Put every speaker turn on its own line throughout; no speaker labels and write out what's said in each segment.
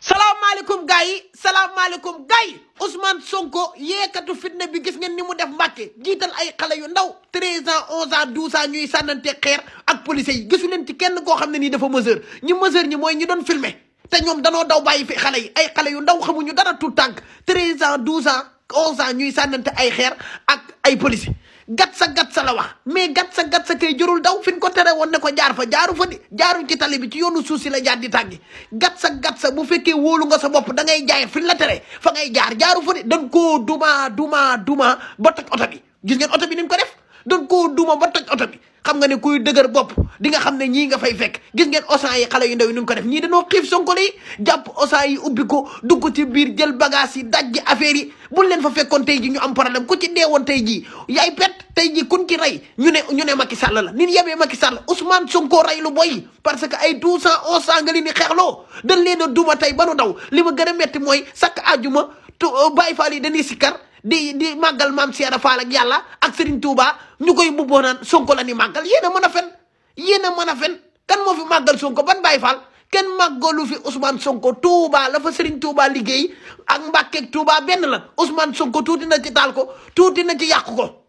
salaamaaleykum gars yi salaamaaleykum gars gaay Ousmane Sonko yeekatu fitna bi gis ngeen ni mu def Mbàkke jiital ay xale yu ndaw 13 ans 11 ans 12 ans ñuy sànnante xeer ak policiers yi gisu leen ci kenn koo xam ne nii dafa mesure ñi mesure ñi mooy ñi doon filmer te ñoom danoo daw bàyyi fi xale yi ay xale yu ndaw xamuñu dara tout tànk 13 ans 12 an 11 ans ñuy sànnante ay xeer ak ay policiers gat sa gat sa la wax mais gat sa gat sa kay jërul daw fi ñu ko tere woon ne ko jaar fa jaaru fa di jaaru ci tali bi ci yoonu suuf si la jaar di tàggi gat sa gat sa bu fekkee woolu nga sa bopp dangay ngay jaay ñu la tere fa ngay jaar jaaru fa di dañ koo duma duma duma ba toj oto bi gis ngeen oto bi ni ko def dañ koo duma ba toj oto bi xam nga ne kuy dëgër bopp di nga xam ne ñii nga fay fekk gis ngeen osan yi xale yu ndaw yi ko def ñii dañoo xiif sonko lay jàpp osan yi ubbi ci biir jël bagage yi dajji affaire yi buñ leen fa fekkoon tey ji ñu am problème ku ci deewoon tey jii yaay pet tey ji kun ci rey ñu ne ñu ne Macky Sall la nin yebee Macky Sall Ousmane Sonko rey lu boy parce que ay deux cent onze cent nga li dañ leen a duuma tey ba nu daw li ma gën a metti mooy sakk àjjuma euh, bàyyi faal yi dañuy sikkar di di màggal maam Cheikh Fall yàlla ak Serigne Touba ñu koy bubboo naan Sonko la ni màggal yéen a mën a fen yéen a mën a kan moo fi màggal Sonko ban baay Fall kenn màggalu fi Ousmane Sonko Touba la fa Serigne Touba liggéey ak Mbàkkeeg Touba benn la Ousmane Sonko tuuti na ci taal ko tuuti na ci yàqu ko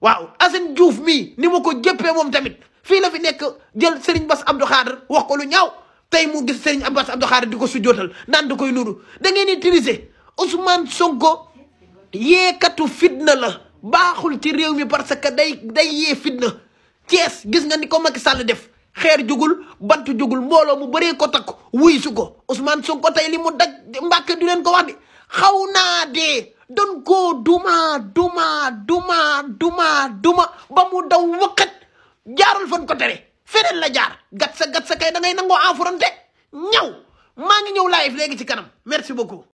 waaw Assane Diouf mii ni ma ko jëppee moom tamit fii la fi nekk jël Serigne Bass Abdou Khadre wax ko lu ñaaw tey mu gis Serigne Bass Abdou Khadre di ko sujjootal naan da koy nuru da ngeen utiliser Ousmane Sonko. katu fitna la baaxul ci réew mi parce que day day yee fitna Thiès gis nga ni ko Macky Sall def xeer jugul bant jugul mbooloo mu bëree ko takk wuy su ko Ousmane ko tey li mu daj Mbàkke du leen ko wax de xaw naa dee doon koo duma duma duma duma duma ba mu daw wëqat jaarul fan ko tere feneen la jaar gat sa gat sa kay da ngay nangoo affronté ñaw maa ngi ñëw live léegi ci kanam merci beaucoup